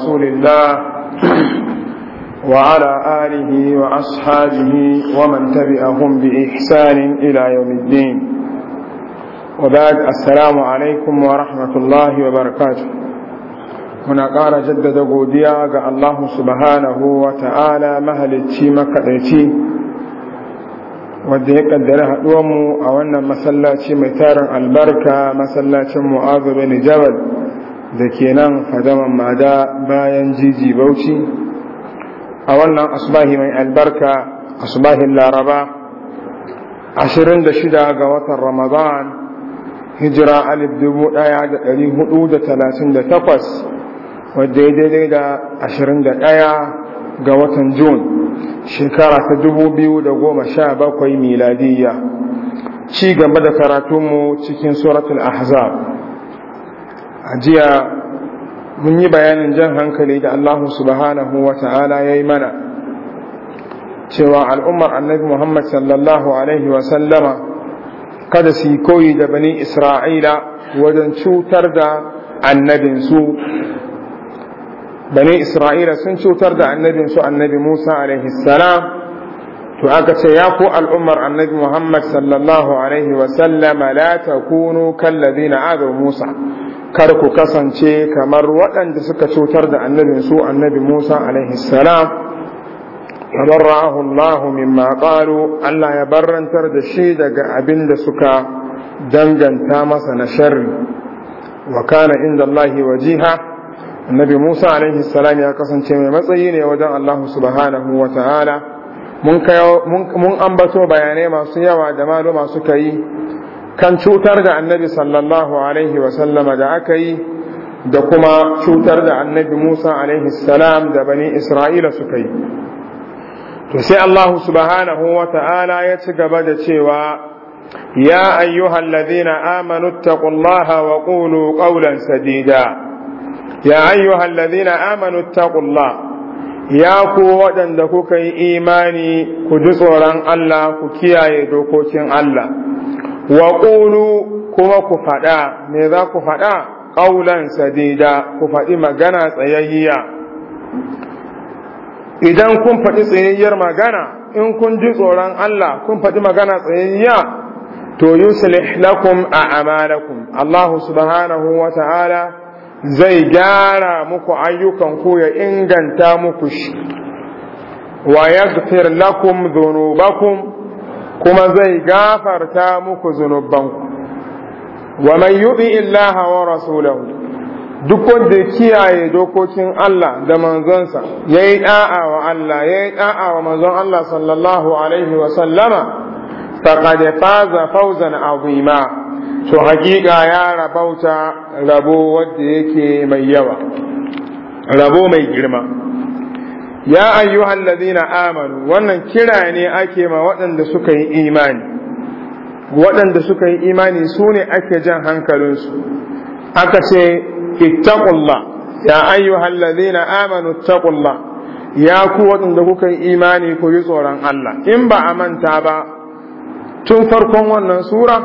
رسول الله وعلى آله وأصحابه ومن تبعهم بإحسان إلى يوم الدين وبعد السلام عليكم ورحمة الله وبركاته muna ƙara jaddada godiya ga Allah subhanahu wa ta'ala mahalicci makaɗaici wadda ya haɗuwar mu a wannan masallaci mai tarin albarka masallacin mu'azu bin jabal da ke nan hadaman mada bayan jiji bauchi a wannan asubahi mai albarka asubahin laraba 26 ga watan ramadan hijira alif 1438 wadda ya daidai da 21 ga watan jun shekara ta 2017 miladiyya ci gaba da karatunmu cikin suratul ahzab ajiya mun yi bayanin jan hankali da Allah subhanahu wa ta'ala ya yi mana cewa al'ummar annabi Muhammad sallallahu Alaihi wasallama kada su yi koyi da bani Isra'ila wajen cutar da annabinsu bani Isra'ila sun cutar da annabinsu annabi Musa Alaihi salam to aka ce ya ku al'ummar annabi Muhammad sallallahu Alaihi wasallama la ta kunu kallazi na Musa kar ku kasance kamar waɗanda suka cutar da annabin su annabi Musa alaihi salam tabarrahu Allah mimma qalu Allah ya barrantar da shi daga abin da suka danganta masa na sharri wa kana inda Allah wajiha annabi Musa alaihi salam ya kasance mai matsayi ne wajen Allah subhanahu wa ta'ala mun ambato bayanai masu yawa da maluma suka yi kan cutar da annabi sallallahu alaihi wasallama da aka yi da kuma cutar da annabi Musa alaihi salam da bani Isra'ila suka yi. To sai Allahu subhanahu wa ta'ala ya ci gaba da cewa, Ya ayyuhan lazina amanu taqullaha wa ƙulu ƙaunar sadida, ya ayyuhan lazina amanu taqullaha. Ya ku waɗanda kuka yi imani ku ji tsoron Allah ku kiyaye dokokin Allah, wa ƙulu kuma ku faɗa me za ku faɗa ƙaulan sadida ku faɗi magana tsayayya idan kun faɗi tsayayyar magana in kun ji tsoron Allah kun faɗi magana tsayayya to yuslih lakum a amalakum Allah subhanahu wa ta'ala zai gyara muku ayyukan ku ya inganta muku shi wa yaghfir lakum dhunubakum kuma zai gafarta muku zunubanku wa man yuti illaha wa rasulahu duk wanda kiyaye dokokin Allah da manzonsa yayi da'a wa Allah yayi da'a wa manzon Allah sallallahu alaihi wa sallama faqad faza fawzan azima to hakika ya rabauta rabo wanda yake mai yawa rabo mai girma ya ayyuhal ladina amanu wannan kira ne ake ma waɗanda suka yi imani waɗanda suka yi imani su ne ake jan hankalinsu aka ce ittaqulla ya ayyuhal ladina amanu taƙulla. ya ku waɗanda kuka yi imani ku yi tsoron Allah in ba a manta ba tun farkon wannan sura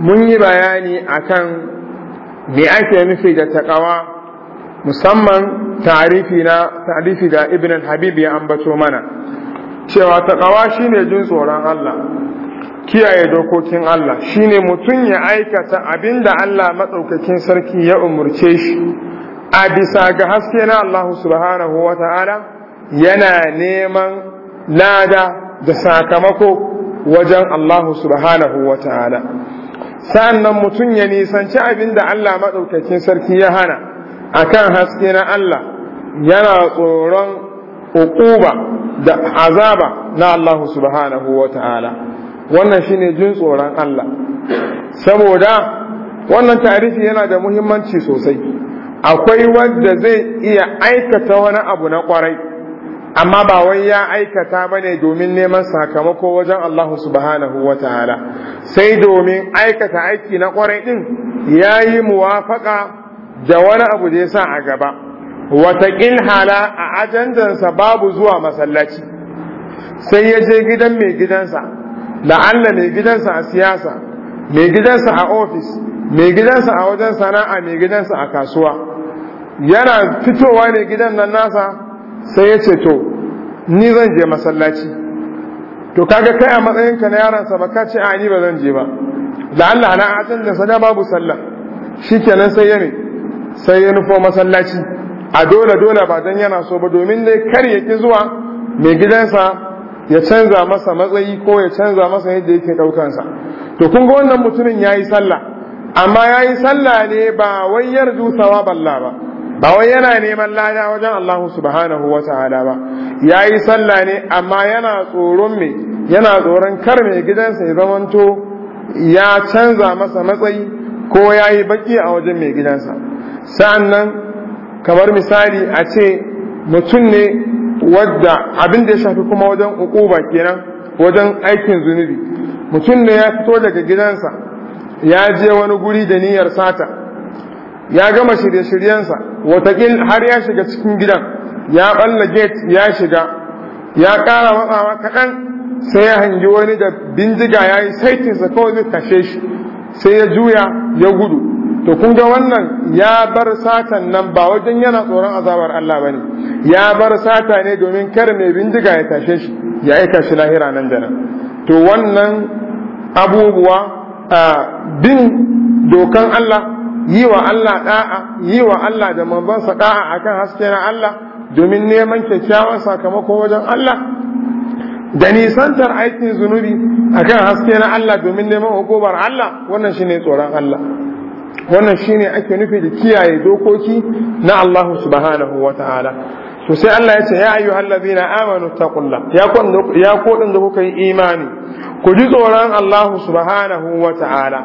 mun yi bayani akan me ake nufi da taqawa musamman ta'arifi na ta'arifi da ibn al-habib ya ambato mana cewa taqawa shine jin tsoron Allah kiyaye dokokin Allah shine mutum ya aikata abinda Allah madaukakin sarki ya umurce shi a bisa ga haske na Allah subhanahu wata'ala yana neman lada da sakamako wajen Allah subhanahu wata'ala Sannan mutum ya nisanci abinda Allah madaukakin sarki ya hana akan haske na Allah yana tsoron hukuba da azaba na Allah subhanahu wa ta'ala wannan shine jin tsoron Allah saboda wannan tarihi yana da muhimmanci sosai akwai wanda zai iya aikata wani abu na kwarai amma ba wai ya aikata bane domin neman sakamako wajen Allah subhanahu wa ta'ala sai domin aikata aiki na kwarai din yayi muwafaka da wani abu da ya sa a gaba watakin hala a ajandansa babu zuwa masallaci sai ya je gidan mai gidansa la'alla mai gidansa a siyasa mai gidansa a ofis mai gidansa a wajen sana'a mai gidansa a kasuwa yana fitowa ne gidan nan nasa sai ya ce to ni zan je masallaci to kaga kai a matsayinka na yaransa ba ka ce a ni ba zan je ba la'alla na ajandansa da babu sallah shikenan sai ya ne sai ya nufo masallaci a dole dole ba dan yana so ba domin dai kar ya ki zuwa mai gidansa ya canza masa matsayi ko ya canza masa yadda yake daukansa to kun ga wannan mutumin ya yi sallah amma ya yi sallah ne ba wai yarju balla ba ba wai yana neman lada wajen Allah subhanahu wa ta'ala ba yi sallah ne amma yana tsoron me yana tsoron kar mai gidansa ya zamanto ya canza masa matsayi ko ya yi baki a wajen mai gidansa sa'an nan kamar misali a ce mutum ne wadda abin da ya shafi kuma wajen ukuba kenan wajen aikin zunubi mutum ne ya fito daga gidansa ya je wani guri da niyyar sata ya gama shirye-shiryensa watakil har ya shiga cikin gidan ya ɓalla gate ya shiga ya kara matsawa kaɗan sai ya hangi wani da bindiga ya yi saitinsa kawai zai tashe shi sai ya juya ya gudu to kun ga wannan ya bar satan nan ba wajen yana tsoron azabar Allah bane ya bar sata ne domin kar mai bindiga ya tashe shi ya aika shi lahira nan da nan to wannan abubuwa bin dokan Allah yi wa Allah da'a yi wa Allah da sa da'a akan haske na Allah domin neman kyakkyawan sakamako wajen Allah da nisantar aikin zunubi akan haske na Allah domin neman hukumar Allah wannan shine tsoron Allah wannan shine ake nufi da kiyaye dokoki na Allah subhanahu wataala sai Allah ya ce ya hallabi na amanu ta ya ya kodin da kuka yi imani ku ji tsoron Allah subhanahu wataala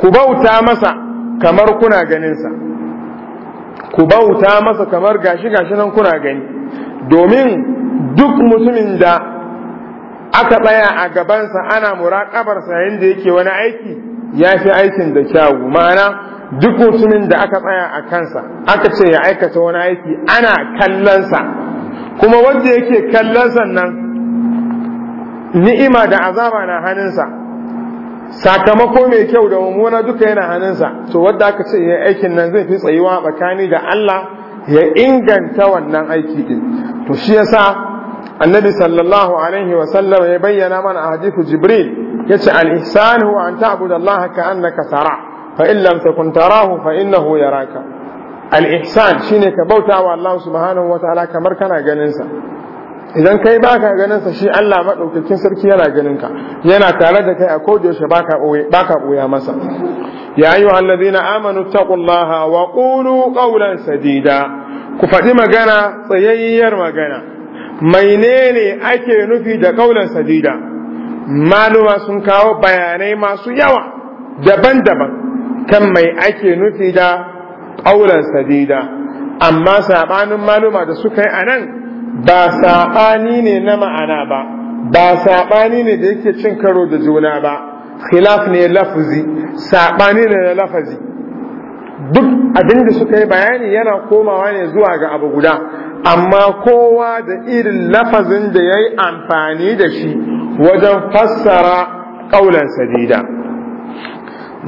ku bauta masa kamar kuna ganinsa. ku bauta masa kamar gashi gashi nan kuna gani domin duk mutumin da aka tsaya a gabansa ana muraƙabarsa yayin da yake wani aiki ya fi aikin da kyawu ma'ana duk mutumin da aka tsaya a kansa aka ce ya aikata wani aiki ana kallonsa kuma wanda yake kallonsa nan ni'ima da azaba na hannunsa sakamako mai kyau da mummuna duka yana hannunsa to wadda aka ce ya aikin nan zai fi tsayuwa tsakani da Allah ya inganta wannan aiki din to shi yasa annabi sallallahu alaihi wa ya bayyana mana a hadithu jibril yace al ihsan huwa an da Allah ka annaka tara fa in lam takun tarahu fa innahu yaraka al ihsan shine ka wa Allah subhanahu wa ta'ala kamar kana ganinsa. idan kai baka ganin sa shi Allah madaukakin sarki yana ganin ka yana tare da kai a ko yaushe baka boye masa ya ayyuhal na amanu taqullaha wa ƙulu ƙaunar sadida ku faɗi magana tsayayyar magana ne ake nufi da kaulan sadida maluma sun kawo bayanai masu yawa daban-daban kan mai ake nufi da kaulan sadida amma sabanin maluma da suka yi anan ba sabani ne na ma'ana ba ba sabani ne da yake cin karo da juna ba khilaf ne lafazi sabani ne na lafazi duk abin da suka yi bayani yana komawa ne zuwa ga abu guda amma kowa da irin lafazin da ya yi amfani da shi wajen fassara ƙaunar sadida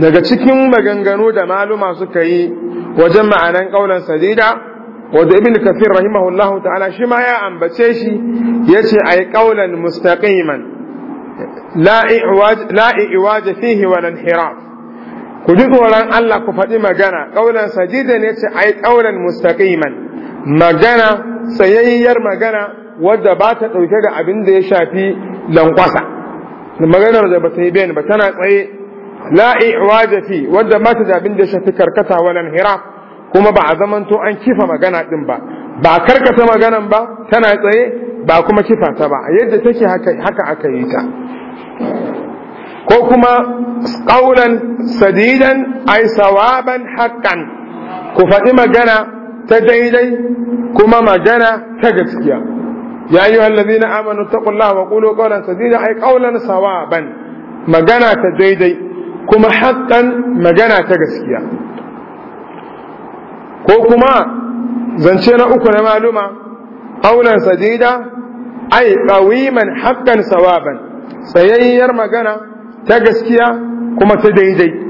daga cikin maganganu da maluma suka yi wajen ma'anan ƙaunar sadida wadda ibn kafir rahimahullahu ta'ala shi ma ya ambace shi ya ce a yi ƙaunar mustaƙiman la'i'iwaje fihi wa hira ku ji tsoron Allah ku faɗi magana ƙaunar sadida ne ce a yi ƙaunar mustaƙiman magana sayayyar magana wadda ba ta ɗauke da abin da ya shafi lankwasa maganar da ba ta yi bayan ba tana tsaye la'i fi wadda ba ta da abin da ya shafi karkata wani hira kuma ba a zamanto an kifa magana ɗin ba ba karkata maganan ba tana tsaye ba kuma kifa ta ba yadda take haka aka yi ta ko kuma ƙaunan sadidan ai sawaban haƙƙan ku faɗi magana ta daidai kuma magana ta gaskiya ya yi wallazi na amanu ta kulla wa kulo kaunan sadida ai kaunan ban magana ta daidai kuma haƙƙan magana ta gaskiya ko kuma zance na uku na maluma aunan sadida ai ƙawiman haƙƙan sawaban tsayayyar magana ta gaskiya kuma ta daidai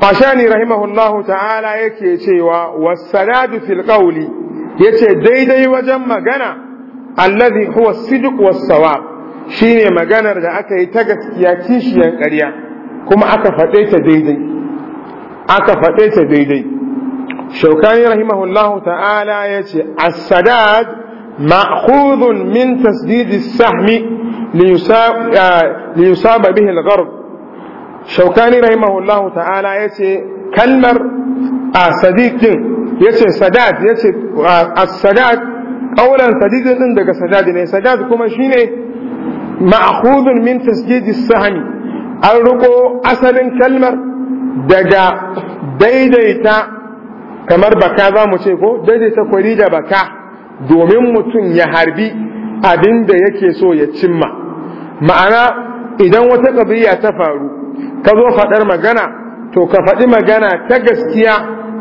fashani rahimahullahu ta'ala yake cewa wasanadu fil qawli yace daidai wajen magana allazi huwa sidq was sawab shine maganar da aka yi ta gaskiya kishiyan ƙarya kuma aka faɗe ta daidai aka faɗe ta daidai shaukani rahimahullahu ta'ala yace as-sadad ma'khudun min tasdid sahmi liyusab ah, liyusab bihi al-gharb shaukani rahimahullahu ta'ala ya ce kalmar a sadiqin ya ce sadat ya ce a sadat ƙaunar sadiqin daga sadat ne sadat kuma shi shine ma'khudun min tasjidi sahmi an riko asalin kalmar daga daidaita kamar baka za mu ce ko daidaita kwari da baka domin mutum ya harbi abin da yake so ya cimma ma'ana idan wata ƙabiya ta faru ka zo faɗar magana to ka faɗi magana ta gaskiya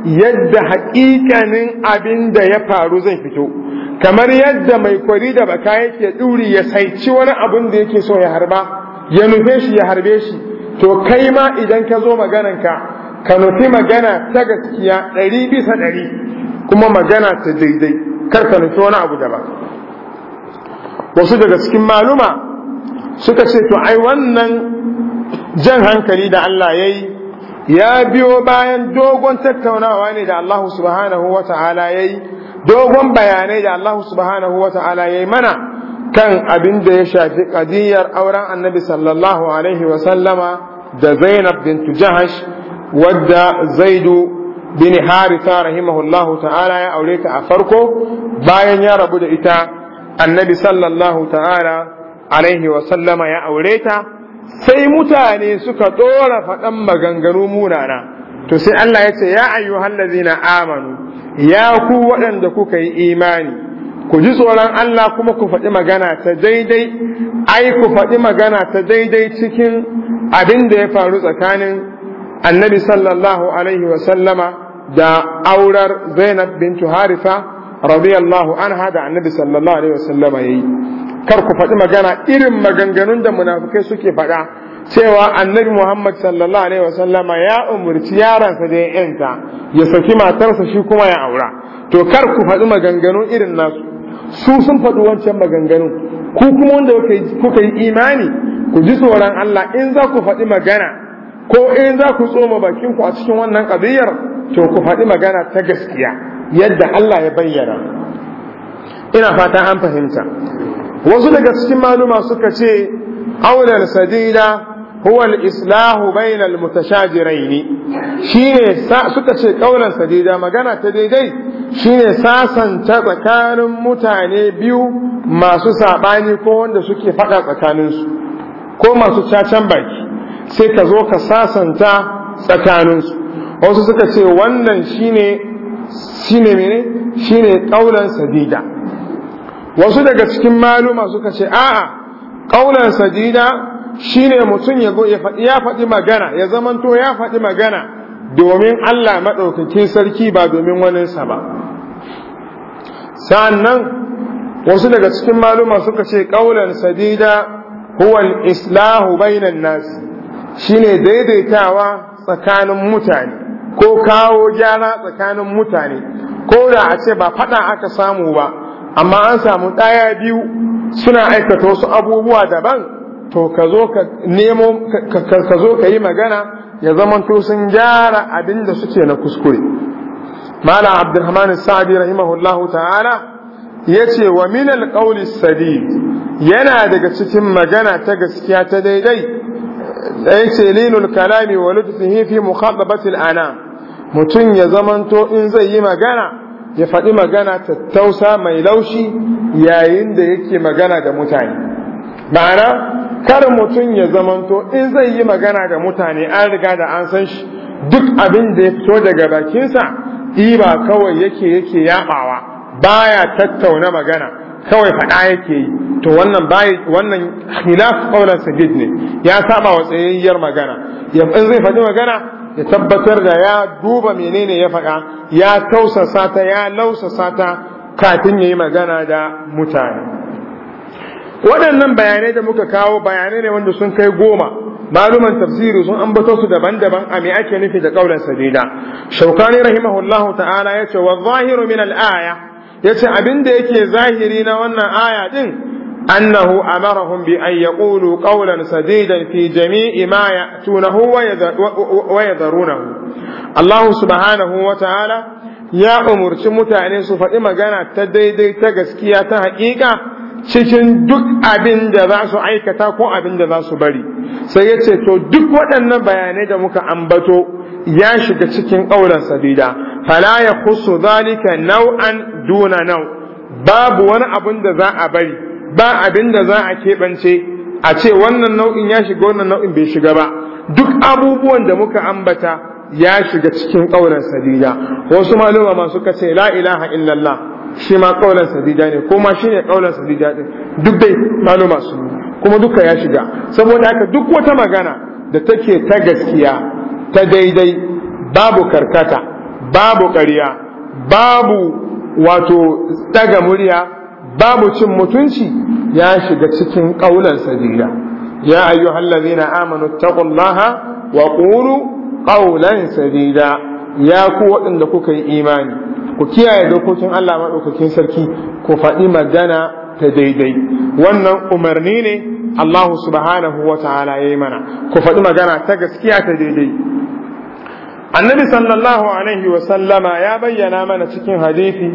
yadda haƙiƙanin abin da ya faru zai fito kamar yadda mai kwari da baka yake ɗuri ya saici wani abin da yake so ya harba ya nufe shi ya harbe shi to kai ma idan ka zo maganarka ka nufi magana ta gaskiya ɗari bisa ɗari kuma magana ta daidai kar ka nufi wani abu daban wasu daga cikin maluma suka ce to ai wannan jan hankali da Allah ya yi ya biyo bayan dogon tattaunawa ne da Allah subhanahu wa ta'ala ya yi dogon bayanai da Allah subhanahu wa ta'ala ya yi mana kan abin da ya shafi ƙadiyar auren annabi sallallahu alaihi wasallama da zainab bin tujahash wadda zaidu bin harisa rahimahullahu ta'ala ya aure ta a farko bayan ya rabu da ita annabi sallallahu ta'ala alaihi wasallama ya aure ta sai mutane suka ɗora faɗan maganganu munana to sai Allah ya ce ya ayyuhal na amanu ya ku waɗanda kuka yi imani ku ji tsoron Allah kuma ku faɗi magana ta daidai ai ku faɗi magana ta daidai cikin abin da ya faru tsakanin annabi sallallahu alaihi wa sallama da aurar Zainab bintu Harifa radiyallahu anha da annabi sallallahu alaihi wa sallama yayi kar ku faɗi magana irin maganganun da munafukai suke faɗa cewa annabi Muhammad sallallahu alaihi wasallama ya umurci yaransa da ya yanta ya saki matarsa shi kuma ya aura to kar ku faɗi maganganun irin nasu su sun faɗi wancan maganganun ku kuma wanda kuka yi imani ku ji tsoron Allah in za ku faɗi magana ko in za ku tsoma bakin ku a cikin wannan ƙabiyar to ku faɗi magana ta gaskiya yadda Allah ya bayyana ina fata an fahimta wasu daga cikin maluma suka ce aulal sadida huwa al-islahu bainal mutashajirain shine suka ce kaulan sadida magana ta daidai shine sasanta tsakanin mutane biyu masu sabani ko wanda suke faɗa tsakaninsu ko masu cacan baki sai ka zo ka sasanta tsakaninsu wasu suka ce wannan shine shine mene shine kaulan sadida wasu daga cikin maluma suka ce a'a ƙaunar sadida shine mutum ya faɗi magana ya zamanto ya faɗi magana domin Allah maɗaukakin sarki ba domin waninsa ba sa'annan wasu daga cikin maluma suka ce ƙaunar sadida huwan islahu bainan nasi shine daidaitawa tsakanin mutane ko kawo gyara tsakanin mutane ko da a ce ba faɗa aka samu ba amma an samu ɗaya biyu suna aikata wasu abubuwa daban to ka zo ka nemo ka zo ka yi magana ya zamanto sun gyara abin da suke na kuskure malam abdulrahman sa'adi rahimahullahu ta'ala yace wa min alqawli sadid yana daga cikin magana ta gaskiya ta daidai yace linul kalami wa lutfihi fi mukhatabati anam mutun ya zamanto in zai yi magana ya faɗi magana tattausa mai laushi yayin da yake magana da mutane ma'ana kar mutum ya zamanto in zai yi magana da mutane an riga da an san shi duk abin da ya fito daga bakinsa ɗiba kawai yake yake yaɓawa baya tattauna magana kawai faɗa yake yi to wannan bai wannan khilaf qawlan sajid ne ya saba wa tsayayyar magana in zai faɗi magana ya tabbatar da ya duba menene ya faɗa ya tausasa ta ya lausa sata, kafin ya yi magana da mutane waɗannan bayanai da muka kawo bayanai ne wanda sun kai goma maluman tafsiri sun ambato su daban-daban a mai ake nufi da ƙaunar sadida shaukani rahimahullahu ta'ala ya ce wa zahiru min al'aya ya ce abin da yake zahiri na wannan aya din أنه أمرهم بأن يقولوا قولا سديدا في جميع ما يأتونه ويذرونه الله سبحانه وتعالى يا أمر متعني صفة إما كانت تديدي ta haƙiƙa cikin duk abin da za su aikata ko abin da za su bari sai ya ce to duk waɗannan bayanai da muka ambato ya shiga cikin ƙaunar sabida fala ya kusu zalika nau'an duna nau babu wani abin da za a bari ba abin da za a keɓance a ce wannan nau'in ya shiga wannan nau'in bai shiga ba duk abubuwan da muka ambata ya shiga cikin ƙaunar sadida wasu maluma ma suka la ilaha illallah shi ma ƙaunar sadida ne ko ma shine ƙaunar sadida ne. duk dai maluma su kuma duka ya shiga saboda haka duk wata magana da take ta gaskiya ta daidai babu karkata babu ƙarya babu wato daga murya babu cin mutunci ya shiga cikin ƙaunar sadira ya ayyuhal na amanu taqullaha wa qulu qawlan sadida ya ku waɗanda kuka yi imani ku kiyaye dokokin Allah maɗaukakin sarki ku faɗi magana ta daidai wannan umarni ne Allah subhanahu wa ta'ala ya yi mana ku faɗi magana ta gaskiya ta daidai annabi sallallahu alaihi wa sallama ya bayyana mana cikin hadisi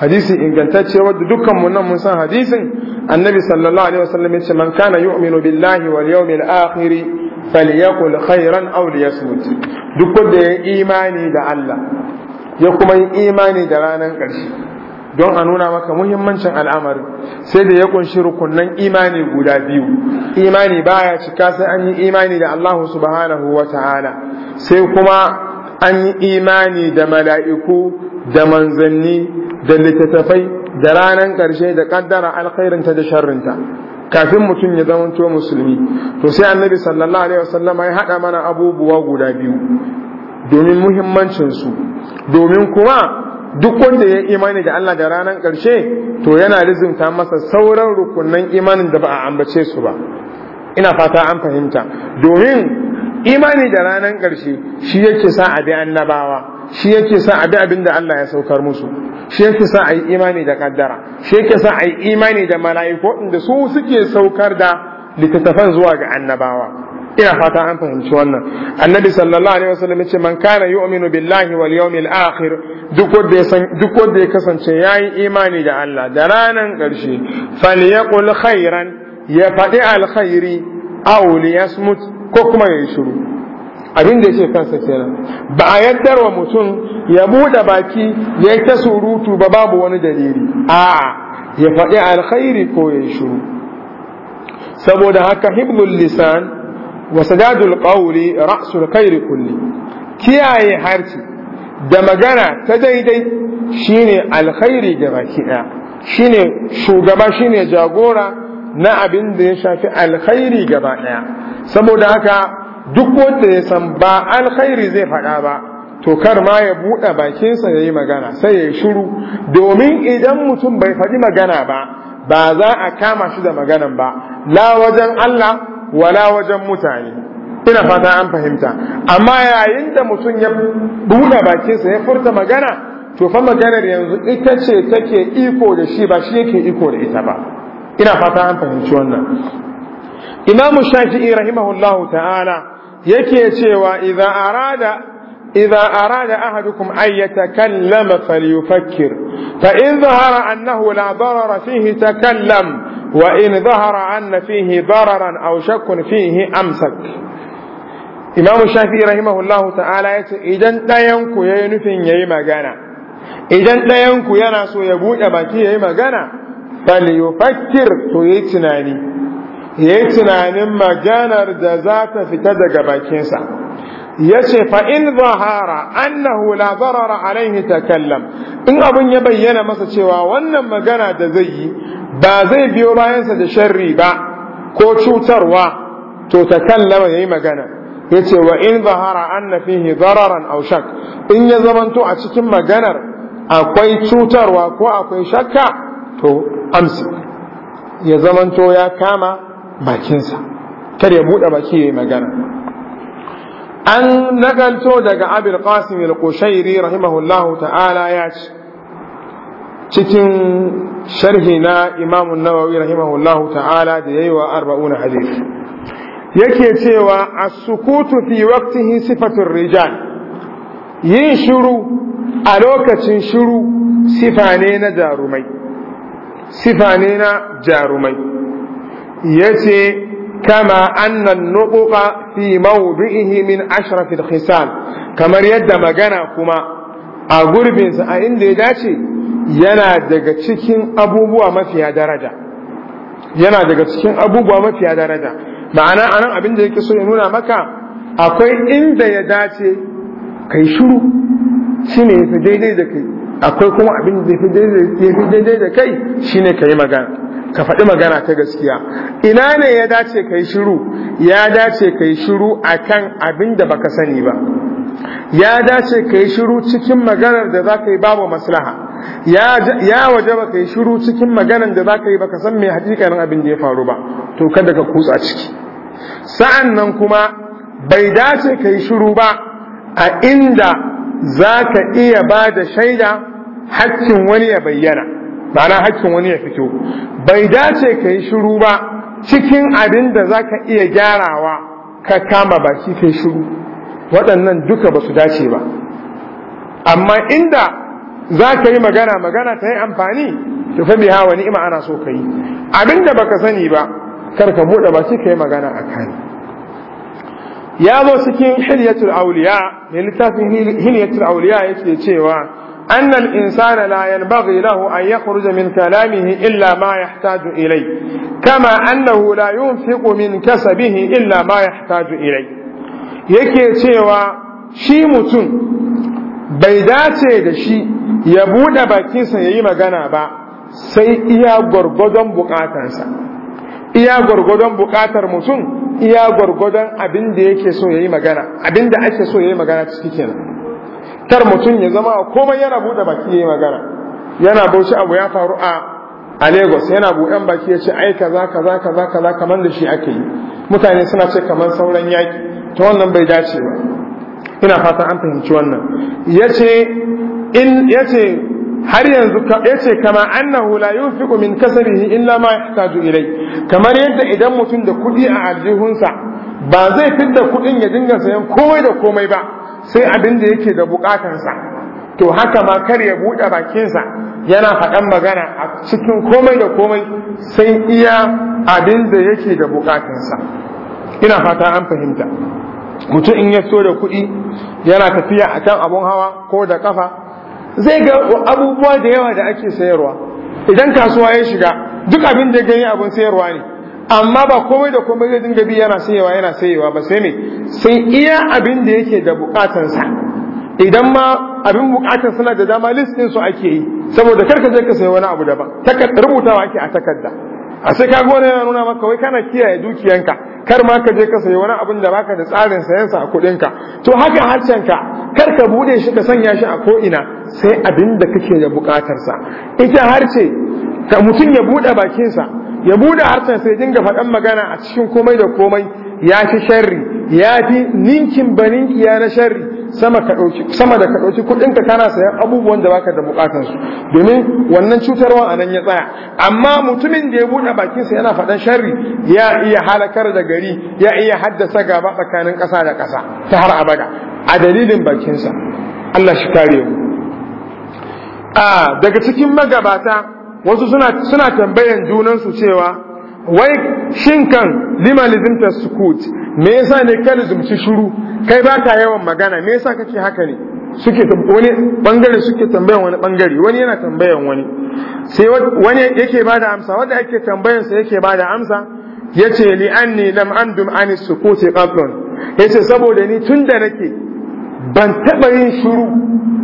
hadisi ingantacce wadda dukkan mu nan mun san hadisin annabi sallallahu alaihi wasallam yace man kana yu'minu billahi wal yawmil akhir falyakul khairan aw liyasmut duk wanda ya imani da Allah ya kuma yi imani da ranar ƙarshe don a nuna maka muhimmancin al'amari sai da ya kunshi rukunan imani guda biyu imani baya cika sai an yi imani da Allah subhanahu wa ta'ala sai kuma an yi imani da mala'iku da manzanni da littattafai da ranar ƙarshe da ƙaddara alkhairinta da sharrinta kafin mutum ya zamanto musulmi to sai annabi sallallahu alaihi wasallam ya haɗa mana abubuwa guda biyu domin muhimmancinsu domin kuma duk wanda ya imani da Allah da ranar ƙarshe to yana rizinta masa sauran rukunan imanin da ba a ambace su ba ina fata an fahimta domin imani da ranar ƙarshe shi yake sa a bi annabawa shi yake sa a bi abin da Allah ya saukar musu shi yake sa a yi imani da kaddara shi yake sa a yi imani da mala'iku inda su suke saukar da littattafan zuwa ga annabawa ina fata an fahimci wannan annabi sallallahu alaihi wasallam yace man kana yu'minu billahi wal yawmil akhir duk wanda ya san duk wanda ya kasance yayi imani da Allah da ranan karshe falyaqul khairan ya faɗi alkhairi aw liyasmut ko kuma ya shiru abin da yake kansa kenan ba a yaddar wa mutum ya buɗe baki ya ta surutu ba babu wani dalili a ya faɗi alkhairi ko ya shiru saboda haka hibnul lisan wa sadadul qawli ra'sul khairi kulli kiyaye harci da magana ta daidai shine alkhairi ga baki shine shugaba shine jagora na abin da ya shafi alkhairi gaba ɗaya saboda haka duk wanda ya san ba alkhairi zai faɗa ba to kar ma ya buɗe bakinsa ya yi magana sai ya shiru domin idan mutum bai faɗi magana ba ba za a kama shi da maganan ba la wajen Allah wala wajen mutane ina fata an fahimta amma yayin da mutum ya buɗe bakinsa ya furta magana to fa maganar yanzu ita ce take iko da shi ba shi yake iko da ita ba ina fata an fahimci wannan imam shafi'i rahimahullahu ta'ala yake cewa idza arada idza arada ahadukum ay yatakallama falyufakkir fa in dhahara annahu la darara fihi takallam wa in dhahara anna fihi dararan aw shakkun fihi amsak Imam Shafi'i rahimahullahu ta'ala yace idan dayan ku yayi nufin yayi magana idan dayan ku yana so ya bude baki yayi magana falyufakkir to yayi tunani ya yi tunanin maganar da za ta fita daga bakinsa ya ce fa'in zahara annahu la zarara alaihi takallam in abin ya bayyana masa cewa wannan magana da zai yi ba zai biyo bayansa da sharri ba ko cutarwa to takallama ya yi magana ya ce wa in zahara anna fihi zararan au in ya zamanto a cikin maganar akwai cutarwa ko akwai shakka to amsi ya zamanto ya kama bakinsa kada ya buɗe baki ya yi magana an nagalto daga abin qasim al-qushairi rahimahullahu ta'ala ya ce cikin sharhi na imamun nawawi rahimahullahu ta'ala da ya yi wa arba'una hadith yake cewa a sukutu fi waqtihi sifatun rijal yin shiru a lokacin shiru sifa na jarumai sifa ne na jarumai yace kama annan nuquqa fi mawdihi min ashrafil khisan kamar yadda magana kuma a gurbin sa a inda ya dace yana daga cikin abubuwa mafiya daraja yana daga cikin abubuwa mafiya daraja ma'ana anan abin da yake so ya nuna maka akwai inda ya dace kai shiru shine yafi daidai da kai akwai kuma abin da yafi daidai da kai shine kai magana ka faɗi magana ta gaskiya ina ne ya dace ka yi shiru ya dace ka yi shiru a kan abin da baka sani ba ya dace ka yi shiru cikin maganar da za ka yi babu maslaha ya waje ba ka yi shiru cikin maganar da za ka yi baka san mai hakikanin abin da ya faru ba to kada ka kutsa ciki sa'an nan kuma bai dace ka yi shiru ba a inda za ka iya ba da shaida hakkin wani ya bayyana ma'ana hakkin wani ya fito bai dace ka yi shiru ba cikin abin da za ka iya gyarawa ka kama baki ka yi shiru waɗannan duka ba su dace ba amma inda za ka yi magana magana ta yi amfani to fa hawa ni'ima ana so ka yi abin da baka sani ba kar ka buɗe baki ka yi magana a kan ya zo cikin hiliyatul auliya ne littafin hiliyatul auliya yake cewa أن الإنسان لا ينبغي له أن يخرج من كلامه إلا ما يحتاج إليه كما أنه لا ينفق من كسبه إلا ما يحتاج إليه yake cewa shi mutum bai dace da shi ya buɗe bakinsa ya yi magana ba sai iya gwargwadon bukatansa iya gwargwadon bukatar mutum iya gwargwadon abin da yake so ya yi abin da ake so ya yi magana ciki kenan Kar mutum ya zama komai yana buɗe baki ya magana yana bauchi abu ya faru a a Lagos yana buɗan baki ya ce ai kaza kaza kaza kaza kamar da shi ake yi mutane suna ce kamar sauran yaki ta wannan bai dace ba ina fata an fahimci wannan yace in yace har yanzu yace kama annahu la yunfiqu min kasarihi illa ma yahtaju ilai kamar yadda idan mutum da kuɗi a aljihunsa ba zai fidda kuɗin ya dinga sayan komai da komai ba sai abin da yake da bukatansa, to haka ma kar ya buɗe bakinsa yana faɗan magana a cikin komai da komai sai iya abin da yake da bukatansa. ina fata an fahimta mutum in ya so da kuɗi yana tafiya a kan abun hawa ko da kafa zai ga abubuwa da yawa da ake sayarwa idan kasuwa ya shiga duk abin da gani abun sayarwa ne amma ba komai da komai zai dinga bi yana sayewa yana sayewa ba sai me sai iya abin da yake da bukatansa idan ma abin bukatan suna da dama list din su ake yi saboda karka je ka sayi wani abu daban rubutawa ake a takarda a sai ka gona yana nuna maka wai kana kiyaye dukiyanka kar ma ka je ka sayi wani abin da baka da tsarin sayansa a kuɗin ka to haka ka kar ka bude shi ka sanya shi a ko ina sai abin da kake da bukatar sa ita harce ka mutum ya bude bakin sa ya bude harshen sai dinga faɗan magana a cikin komai da komai ya fi sharri ya fi ninkin banin iya na sharri sama da ka ɗauki kuɗinka kana sayan abubuwan da baka da buƙatar domin wannan cutarwa a nan ya tsaya amma mutumin da ya buɗe bakinsa yana faɗan sharri ya iya halakar da gari ya iya haddasa gaba tsakanin ƙasa da ƙasa ta har abada a dalilin bakinsa Allah shi kare mu ah, daga cikin magabata wasu suna suna tambayan junan cewa wai shin kan lima lizimta sukut me yasa ne ka lizimci shiru kai baka yawan magana me yasa kake haka ne suke wani bangare suke tambayan wani bangare wani yana tambayan wani sai wani yake bada amsa wanda ake tambayan sa yake bada amsa yace li anni lam andum anis sukuti qablun yace saboda ni tunda nake ban taɓa yin shiru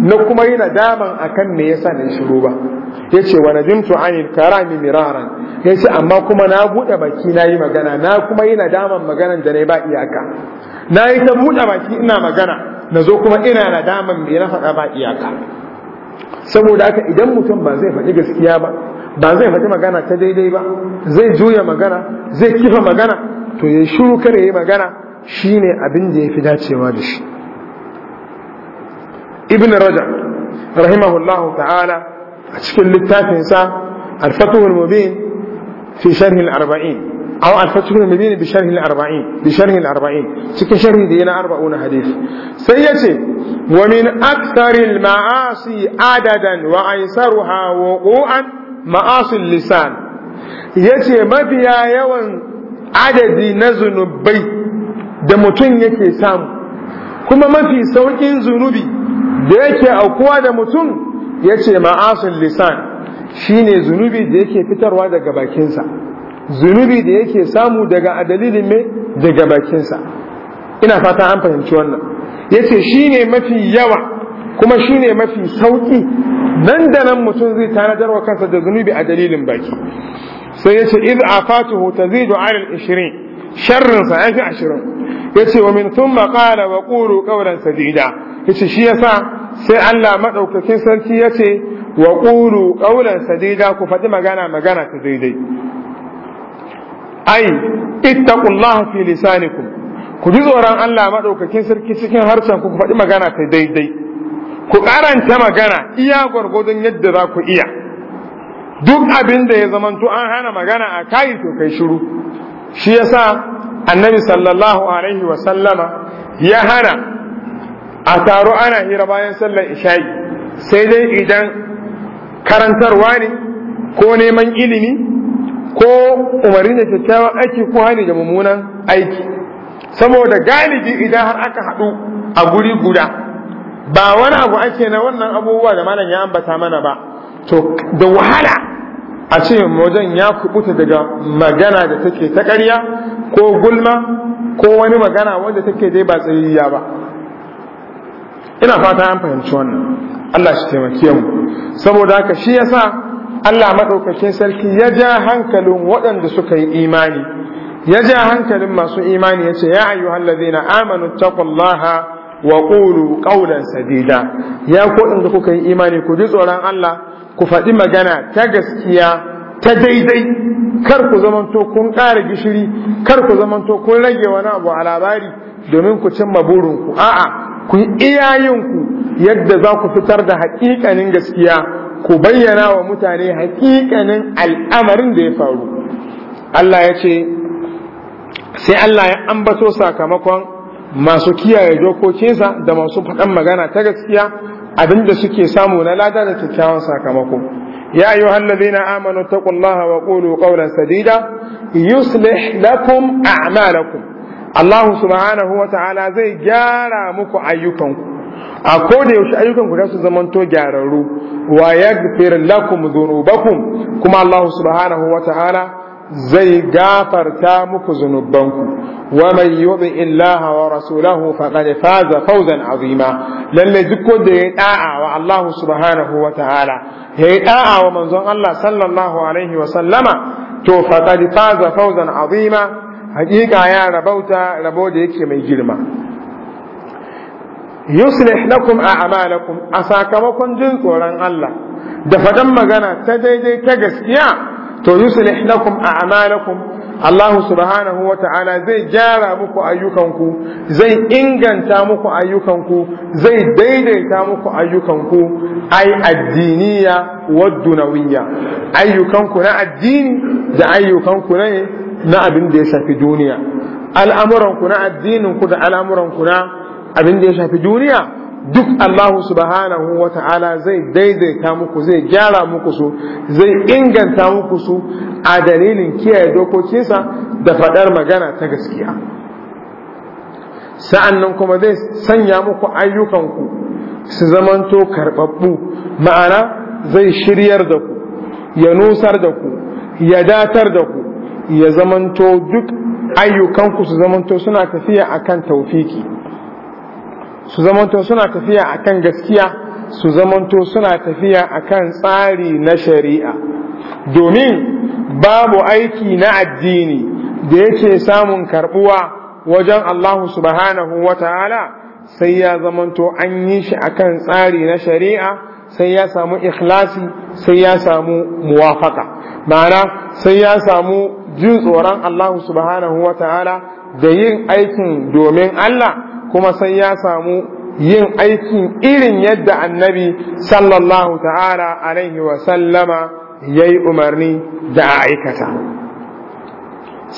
na kuma yi nadaman akan me yasa na shiru ba ya ce an yi kara karami miraran ya ce amma kuma na buɗe baki na yi magana na kuma yi nadaman maganan da na yi ba iyaka na yi ta buɗe baki ina magana na zo kuma ina nadaman me na faɗa ba iyaka saboda haka idan mutum ba zai faɗi gaskiya ba ba zai faɗi magana ta daidai ba zai juya magana zai kifa magana to ya shiru kare ya yi magana shine abin da ya fi dacewa da shi ibn raja rahimahullah ta'ala a cikin littafinsa alfatuhul mubin fi sharhi arbain aw alfatuhul mubin bi sharhi arbain bi sharhi arbain cikin sharhi da yana arba'una hadith sai yace wa min aktsari al-ma'asi adadan wa aysaruha wuqu'an ma'asi al-lisan yace mafiya yawan adadi na zunubai da mutum yake samu kuma mafi sauƙin zunubi da yake aukuwa da mutum ya ce ma'asun lisan ne zunubi da yake fitarwa daga bakinsa zunubi da yake samu daga a dalilin mai daga bakinsa ina fata an fahimci wannan ya ce shi ne mafi yawa kuma shi ne mafi sauƙi nan da nan mutum zai tanadar wa kansa da zunubi a dalilin baki sai ya ce iz zai tazidu al-ishirin sharrinsa ya fi ashirin yace wa min thumma qala wa qulu qawlan sadida yace shi yasa sai Allah madaukakin sarki yace wa qulu qawlan sadida ku faɗi magana magana ta daidai ai ittaqullaha fi lisanikum ku ji tsoron Allah madaukakin sarki cikin harshen ku faɗi magana ta daidai ku karanta magana iya gwargwadon yadda za ku iya duk abin da ya zamanto an hana magana a kai to kai shiru shi yasa annabi sallallahu alaihi wa sallama ya hana a taro ana hira bayan sallar isha'i sai dai idan karantarwa ne ko neman ilimi ko umarni da kyakkyawan aiki ko hani da mummunan aiki saboda galibi idan har aka haɗu a guri guda ba wani abu ake na wannan abubuwa da malam ya ambata mana ba to da wahala a ce wajen ya kubuta daga magana da take ta ƙarya ko gulma ko wani magana wanda take dai ba tsayayya ba ina fata an fahimci wannan Allah shi taimake mu saboda haka shi yasa Allah madaukakin sarki ya ja hankalin waɗanda suka yi imani ya ja hankalin masu imani ya ce ya ayyuhal ladina amanu taqullaha wa qulu qawlan sadida ya ko inda kuka yi imani ku ji tsoron Allah ku faɗi magana ta gaskiya ta daidai kar ku zamanto kun ƙara gishiri kar ku zamanto kun rage wani abu a labari domin ku cimma ku. a'a ku iyayinku yadda za ku fitar da haƙiƙanin gaskiya ku bayyana wa mutane haƙiƙanin al'amarin da ya faru Allah ya ce sai Allah ya ambato sakamakon masu kiyaye dokokinsa da masu faɗan magana ta gaskiya Abin da suke samu na lada da kyakkyawan sakamako ya ayu hallazina amanu taqullaha wa qulu ƙaunar sadida yuslih lakum a'malakum Allah subhanahu wa ta'ala zai gyara muku ayyukanku a koda yaushe ayyukanku za su zamanto gyararru wa yaghfir lakum dhunubakum kuma Allah subhanahu wa ta'ala zai gafarta muku zunubanku wa man yubi illaha wa lalle duk wanda ya da'a wa Allah subhanahu wa ta'ala ya da'a wa manzon Allah sallallahu alaihi wa sallama to faqad faza azima hakika ya rabauta rabo da yake mai girma yuslih lakum a'malakum a sakamakon jin tsoron Allah da faɗan magana ta daidai ta gaskiya to yuslih lakum a'malakum Allah subhanahu wa ta'ala zai gyara muku ayyukanku, zai inganta muku ayyukanku, zai daidaita muku ayyukanku, ai addiniya wa dunawiyya, ayyukanku na addini da ayyukanku ne na abin da ya shafi duniya, al'amuranku na ku, da al'amuranku na abin da ya shafi duniya. duk Allah subhanahu wa ta'ala zai daidaita muku zai gyara muku su zai inganta muku su a dalilin kiyaye dokokinsa da faɗar magana ta gaskiya sa'an nan kuma zai sanya muku ayyukanku su zamanto karɓaɓɓu ma'ana zai shiryar da ku ya nusar da ku ya datar da ku ya zamanto duk ayyukanku su zamanto suna tafiya akan taufiki su zamanto suna tafiya akan gaskiya su zamanto suna tafiya akan tsari na shari'a domin babu aiki na addini da yake samun karbuwa wajen Allah subhanahu wa ta'ala sai ya zamanto an yi shi akan tsari na shari'a sai ya samu ikhlasi sai ya samu muwafaka ma'ana sai ya samu jin tsoron Allah subhanahu wa ta'ala da yin aikin domin Allah kuma sai ya samu yin aikin irin yadda annabi sallallahu ta'ala alaihi wa sallama ya yi umarni da a aikata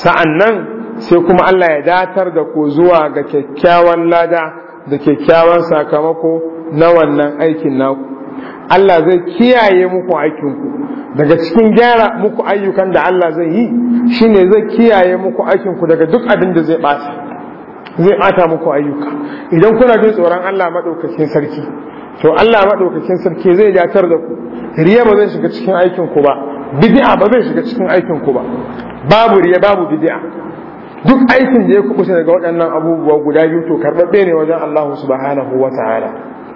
Sa'an nan sai kuma Allah ya datar da ku zuwa ga kyakkyawan lada da kyakkyawan sakamako na wannan aikin naku Allah zai kiyaye muku aikinku daga cikin gyara muku ayyukan da Allah zai yi shine zai kiyaye muku aikinku daga duk abin da zai ɓata zai ɓata muku ayyuka idan kuna jin tsoron Allah maɗaukakin sarki to Allah maɗaukakin sarki zai datar da ku riya ba zai shiga cikin aikin ku ba bid'a ba zai shiga cikin aikin ku ba babu riya babu bid'a duk aikin da ya kubuta daga waɗannan abubuwa guda biyu to karɓaɓɓe ne wajen Allah subhanahu wa ta'ala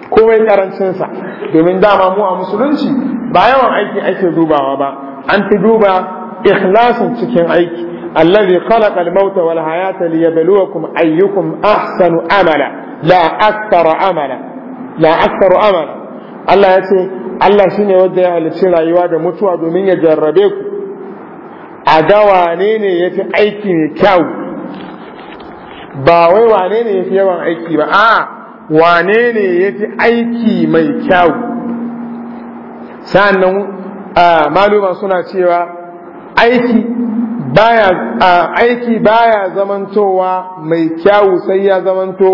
komai karancin sa domin dama mu a musulunci ba yawan aiki ake dubawa ba an fi duba ikhlasin cikin aiki الذي خلق الموت والحياة ليبلوكم أيكم أحسن عملا لا أكثر عملا لا أكثر عملا الله يسي الله شيني ودي أهل الشيء رأيوا دا متوى دومين يجربيك أدوانيني يفي أيكي كاو باوي وانيني يفي يوان أيكي با آه وانيني يفي أيكي مي كاو سأنه آه معلومة سنة سيوا aiki baya aiki baya zamantowa mai kyawu sai ya zamanto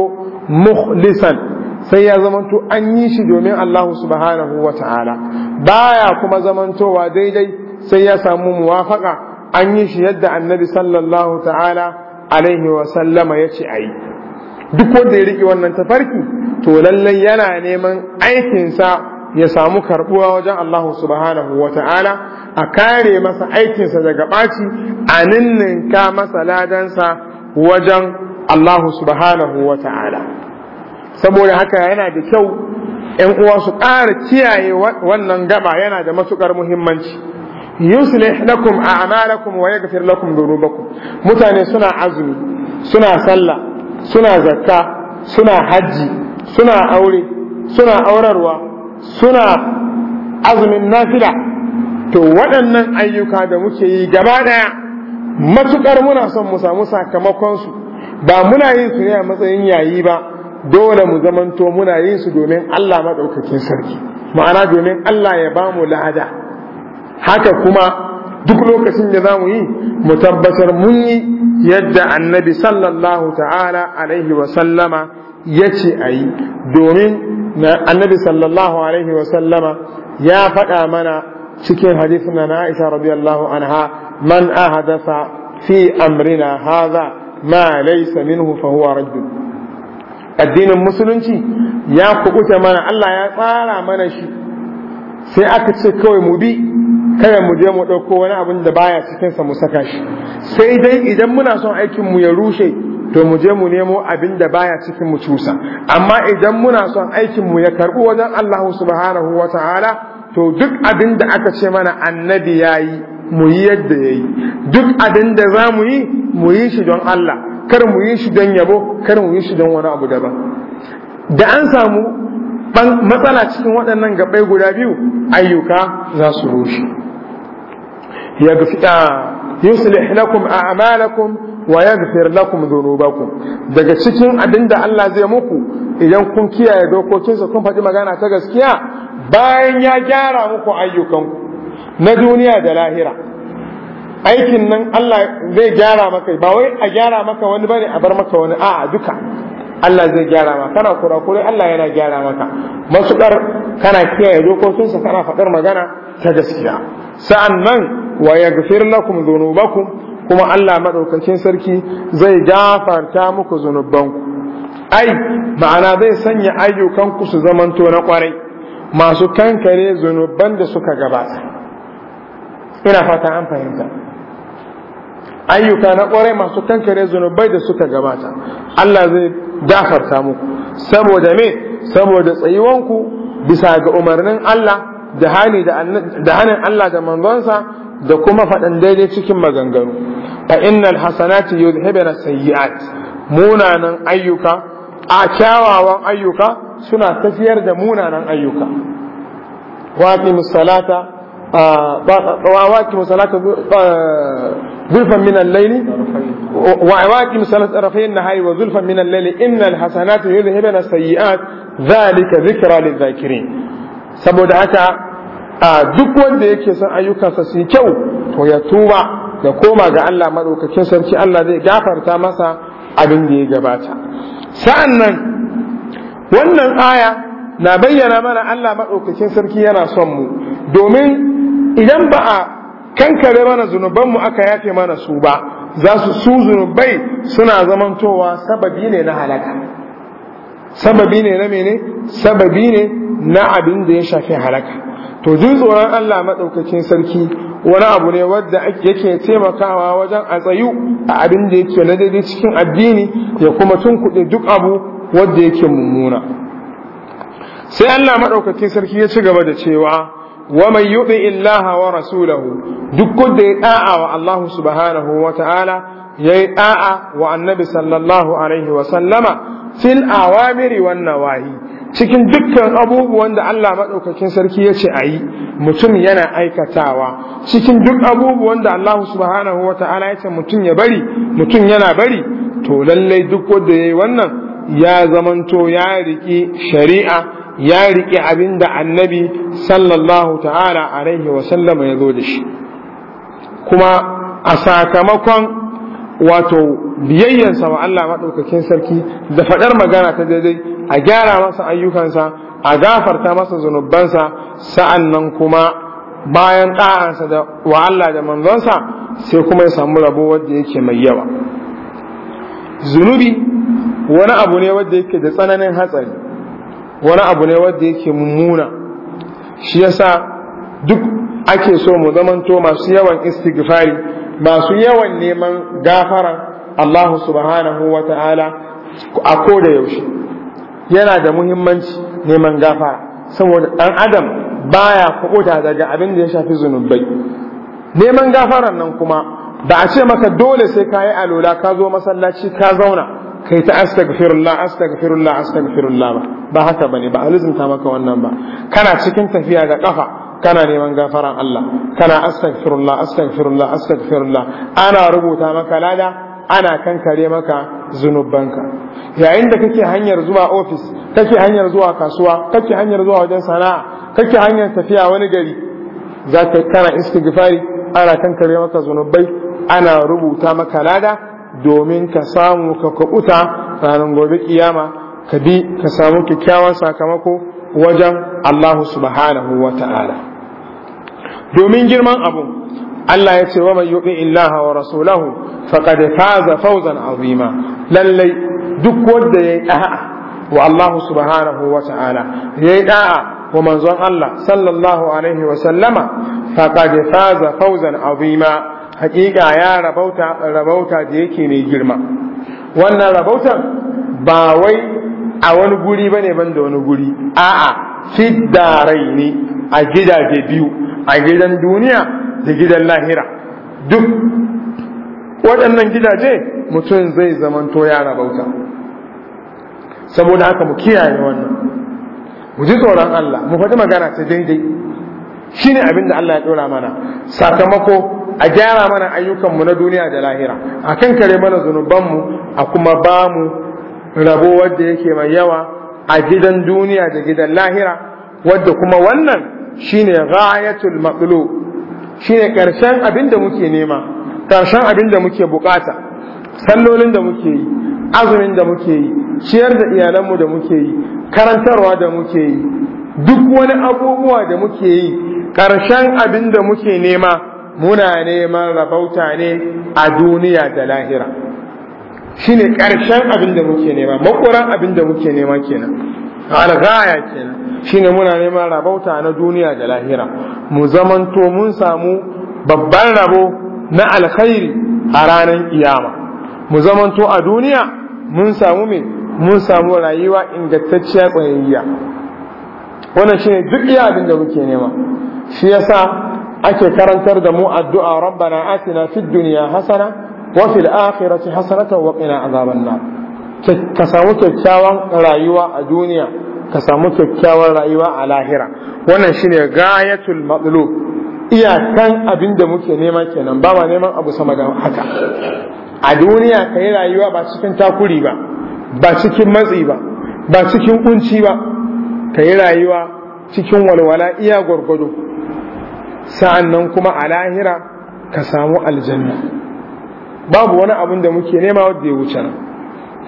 mukhlisan sai ya zamanto an yi shi domin Allah subhanahu wa ta'ala baya kuma zamantowa daidai sai ya samu muwafaka an yi shi yadda annabi sallallahu ta'ala alaihi wa sallama ya ce ayi duk wanda ya riƙe wannan tafarki to lallai yana neman aikinsa ya samu karbuwa wajen Allah subhanahu wa ta'ala a kare masa aikinsa daga ɓaci a ninninka masa ladansa wajen Allah subhanahu wa ta'ala saboda haka yana da kyau ‘yan uwa su ƙara kiyaye wannan gaba yana da matuƙar muhimmanci yuslih lakum a'malakum wa na lakum dhunubakum mutane suna azumi suna sallah suna zakka suna hajji suna aure suna aurarwa suna azumin nafila to waɗannan ayyuka da muke yi gaba ɗaya matuƙar muna son mu samu sakamakonsu ba muna yin su ne a matsayin yayi ba dole mu zamanto muna yin su domin Allah maɗaukakin sarki ma'ana domin Allah ya ba mu lada haka kuma duk lokacin da za mu yi mu tabbatar mun yi yadda annabi sallallahu ta'ala alaihi wa sallama ya ce a yi domin na annabi sallallahu alaihi wa sallama ya faɗa mana cikin hadisin na Aisha radiyallahu anha man ahadatha fi amrina hadha ma laysa minhu fa huwa rajul addinin musulunci ya kubuta mana Allah ya tsara mana shi sai aka ce kawai mu bi kada mu je mu ɗauko wani abin da baya cikinsa mu saka shi sai dai idan muna son aikin mu ya rushe to mu je mu nemo abin da baya cikin mu cusa amma idan muna son aikin mu ya karbu wajen Allah subhanahu wataala to duk abin da aka ce mana annabi yayi mu yi yadda yayi duk abin da za mu yi mu yi shi don Allah kar mu yi shi don yabo kar mu yi shi don wani abu daban da an samu matsala cikin waɗannan gabai guda biyu ayyuka za su rushe Ya يغفر يصلح لكم أعمالكم wa yaghfir lakum baku daga cikin abinda Allah zai muku idan kun kiyaye dokokinsa kun faɗi magana ta gaskiya bayan ya gyara muku ayyukanku na duniya da lahira aikin nan Allah zai gyara maka ba wai a gyara maka wani bane a bar maka wani a'a duka Allah zai gyara ma kana kurakurai Allah yana gyara maka masuƙar kana kiyaye dokokinsa kana faɗar magana ta gaskiya sa'an nan wa yaghfir lakum dhunubakum kuma Allah madaukakin sarki zai gafarta muku zunubanku ai ma'ana zai sanya ayyukan ku su zamanto na kwarai masu kankare zunuban da suka gabata ina fata an fahimta ayyuka na kwarai masu kankare zunubai da suka gabata Allah zai gafarta muku saboda me saboda tsayuwan ku bisa ga umarnin Allah da hali da hanin Allah da manzonsa da kuma faɗan daidai cikin maganganu fa innal hasanati yudhibuna sayyi'at munanan ayyuka a kyawawan ayyuka suna tafiyar da munanan ayyuka wa salata وأواكم صلاة ظلفا من الليل وأواكم صلاة طرفي النهار وظلفا من الليل إن الحسنات يذهبن السيئات ذلك ذكرى للذاكرين saboda haka a duk wanda yake son ayyukansa su yi kyau to ya tuba da koma ga Allah maɗaukakin sarki Allah zai gafarta masa abin da ya gabata sa'an nan wannan aya na bayyana mana Allah maɗaukakin sarki yana son mu domin idan ba a kankare mana zunubanmu aka yafe mana su ba za su su zunubai suna zamantowa sababi ne na halaka sababi ne na mene sababi ne na abin da ya shafi halaka to jin tsoron Allah maɗaukakin sarki wani abu ne wadda yake taimakawa wajen a tsayu a abin da yake na daidai cikin addini ya kuma tun kuɗi duk abu wadda yake mummuna sai Allah maɗaukakin sarki ya ci gaba da cewa wa man yuti illaha wa rasulahu duk da ya da'a wa Allah subhanahu wa ta'ala yayi da'a wa annabi sallallahu alaihi wa sallama fil awamiri cikin dukkan abubuwan da Allah madaukakin sarki ya ce yi, mutum yana aikatawa cikin duk abubuwan da Allah subhanahu wa ta'ala ya ce mutum ya bari mutum yana bari to lallai duk wanda yi wannan ya zamanto ya riki shari'a ya riƙe abin da annabi sallallahu ta'ala alaihi sallama ya zo da shi kuma a sakamakon wato biyayyansa wa Allah maɗaukakin sarki da faɗar magana ta daidai a gyara masa ayyukansa a gafarta masa zunubansa sa'an nan kuma bayan ɗa'ansa da wa Allah da manzonsa sai kuma ya samu rabo wadda yake mai yawa zunubi wani abu ne wadda yake da tsananin hatsari wani abu ne wanda yake mummuna shi yasa duk ake so mu zamanto masu yawan istighfari masu yawan neman gafara Allah subhanahu wa ta'ala a koda yaushe yana da muhimmanci neman gafara saboda ɗan adam baya kuɓuta daga abin da ya shafi zunubai neman gafaran nan kuma ba a ce maka dole sai ka yi alola ka zo masallaci ka zauna kai ta astaghfirullah astaghfirullah astaghfirullah ba ba haka bane ba ta maka wannan ba kana cikin tafiya da kafa kana neman gafaran Allah kana astaghfirullah astaghfirullah astaghfirullah ana rubuta maka lada ana kankare maka zunubanka yayin da kake hanyar zuwa ofis kake hanyar zuwa kasuwa kake hanyar zuwa wajen sana'a kake hanyar tafiya wani gari za ka kana istighfari ana kankare maka zunubai ana rubuta maka lada domin ka samu ka kubuta ranar gobe kiyama ka bi ka samu kyakkyawan sakamako wajen Allah subhanahu wa ta'ala domin girman abu Allah ya ce wa mai yuɗi illaha wa rasulahu faqad faza fawzan azima lallai duk wanda ya yi da'a wa Allah subhanahu wa ta'ala ya yi da'a wa manzon Allah sallallahu alaihi wa sallama faqad faza fawzan azima hakika ya rabauta rabauta da yake mai girma wannan rabautan ba wai a wani guri bane ban da wani guri a'a fiddarai ne a gidaje biyu a gidan duniya da gidan lahira duk waɗannan gidaje mutum zai zamanto ya rabauta saboda haka mu kiyaye wannan mu ji tsoron Allah mu faɗi magana ta daidai shine abin da Allah ya ɗora mana sakamako a gyara mana ayyukanmu na duniya da lahira a kan kare mana zunubanmu a kuma ba mu rabo wadda yake mai yawa a gidan duniya da gidan lahira wadda kuma wannan shine ghayatul maqlu shine karshen abin da muke nema karshen abin da muke bukata sallolin da muke yi azumin da muke yi ciyar da iyalanmu da muke yi karantarwa da muke yi duk wani abubuwa da muke yi karshen abin da muke nema muna neman rabauta ne a duniya da lahira Shi ne karshen abin da muke nema makoran abin da muke nema kenan alghaya kenan ne muna neman rabauta na duniya da lahira mu zamanto mun samu babban rabo na alkhairi a ranar iyama. mu zamanto a duniya mun samu me mun samu rayuwa ingantacciya tsayayya wannan shine duk iya abin da muke nema shi yasa ake karantar da mu addu'a rabbana atina fid dunya hasana wa fil akhirati hasanata wa qina azaban nar ka samu kyakkyawan rayuwa a duniya ka samu kyakkyawan rayuwa a lahira wannan shine gayatul matlub iyakan abin da muke neman kenan ba ma neman abu sama da haka a duniya ka yi rayuwa ba cikin takuri ba ba cikin matsi ba ba cikin kunci ba ka yi rayuwa cikin walwala iya gwargwado sa'an nan kuma a lahira ka samu aljanna babu wani abin da muke nema wadda ya wuce nan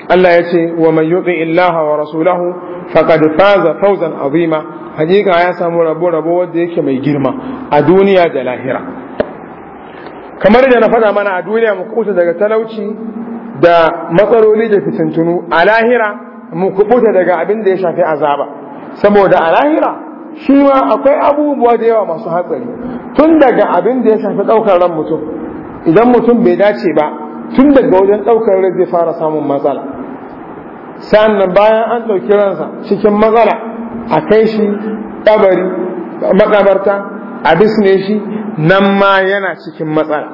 Allah ya ce wa mai yuti illaha wa rasulahu faƙaɗi faza fauzan azima hakika ya samu rabo rabo wanda yake mai girma a duniya da lahira kamar da na faɗa mana a duniya mu kuta daga talauci da matsaloli da fitintunu a lahira mu kubuta daga abin da ya shafi azaba saboda a lahira shi ma akwai abubuwa da yawa masu hatsari tun daga abin da ya shafi ɗaukar ran mutum idan mutum bai dace ba tun daga wajen ɗaukar ran zai fara samun matsala sannan bayan an ɗauki ransa cikin matsala a kai shi ɗabari matsabarta, a bisne shi nan ma yana cikin matsala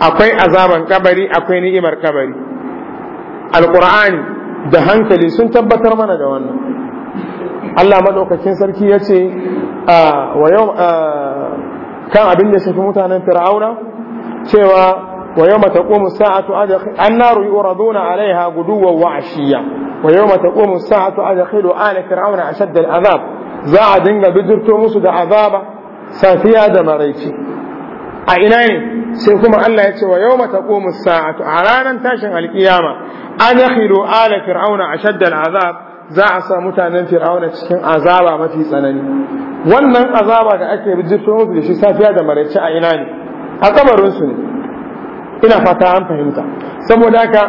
akwai azaban kabari akwai ni'imar kabari alƙur'ani da hankali sun tabbatar mana da wannan Allah madaukakin sarki ya ce kan abin da shafi mutanen fir'auna cewa wa yau mata ƙomu sa'atu an naru yi a alaiha guduwa wa ashiya wa yau mata ƙomu sa'atu a dakhilu ala fir'auna a shaddar azab za a dinga bijirto musu da azaba safiya da maraici a ina ne sai kuma Allah ya ce wa yau mata ƙomu sa'atu a ranar tashin alkiyama a dakhilu ala fir'auna a shaddar azab za a sa mutanen fir'auna cikin azaba mafi tsanani wannan azaba da ake bijirto musu da shi safiya da maraice a ina ne a kabarin su ne ina fata an fahimta saboda haka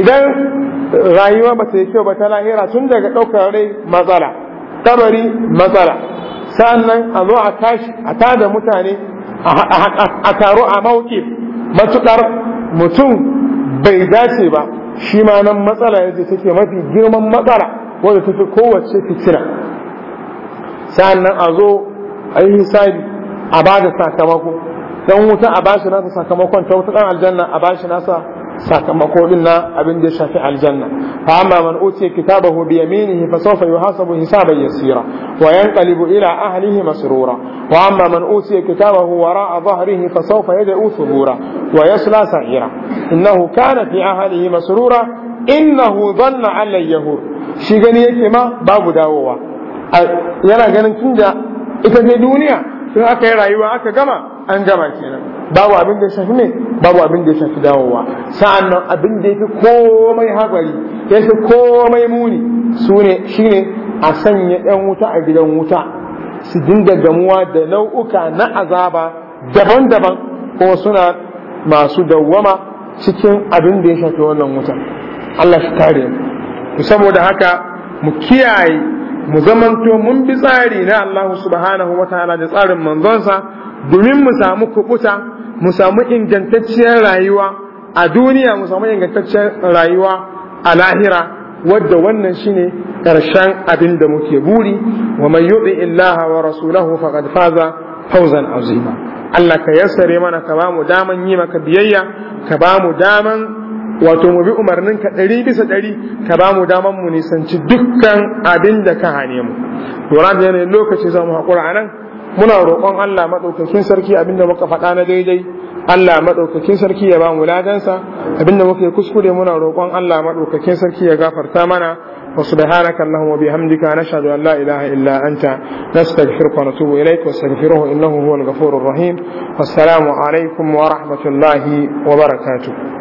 idan rayuwa ba ta yi kyau ba ta lahira tun daga ɗaukar rai matsala kamari matsala sannan a zo a tashi a tada mutane a taro a mauki matuƙar mutum bai dace ba shi ma nan matsala yace take mafi girman matsala wanda tafi kowace fitina Sannan a zo a yi hisabi a ba da sakamako don wuta a bashi nasa sakamakon ta wuta ɗan aljanna a bashi nasa sakamako din na abin da ya shafi aljanna fa amma man utiya kitabahu bi yaminihi fa sawfa yuhasabu hisaban yasira wa yanqalibu ila ahlihi masrura wa amma man utiya kitabahu wara'a dhahrihi fa sawfa yad'u thubura wa yasla sa'ira innahu kana fi ahlihi masrura innahu dhanna an yahur shi gani yake ma babu dawowa yana ganin tunda ita ce duniya in aka yi rayuwa aka gama an gama kenan babu abin da ya shafi ne babu abin da ya shafi dawowa sa'an nan abin da ya fi komai habari ya fi komai muni su ne shi ne a sanya ɗan wuta a gidan wuta su dinga gamuwa da nau'uka na azaba daban-daban ko suna masu dawwama cikin abin da ya shafi wannan wuta Allah shi kare mu saboda haka mu kiyaye mu zamanto mun bi tsari na Allah subhanahu wa ta'ala da tsarin manzonsa domin mu samu kubuta mu samu ingantacciyar rayuwa a duniya mu samu ingantacciyar rayuwa a lahira wadda wannan shine karshen abin da muke buri wa man yuti illaha wa rasulahu faqad faza fawzan azima Allah ka yassare mana ka ba mu daman yi maka biyayya ka ba mu daman wato mu bi umarnin ka ɗari bisa ɗari ka ba mu daman mu nisanci dukkan abin da ka hane mu lura da yanayin lokaci za mu haƙura a nan muna roƙon Allah maɗaukakin sarki abin da muka faɗa na daidai Allah maɗaukakin sarki ya ba mu ladansa abin da muka yi kuskure muna roƙon Allah maɗaukakin sarki ya gafarta mana wa subhanaka allahumma bihamdika nashhadu an la ilaha illa anta nastaghfiruka wa natubu ilayk wa astaghfiruhu innahu huwal ghafurur rahim wassalamu alaikum wa rahmatullahi wa barakatu.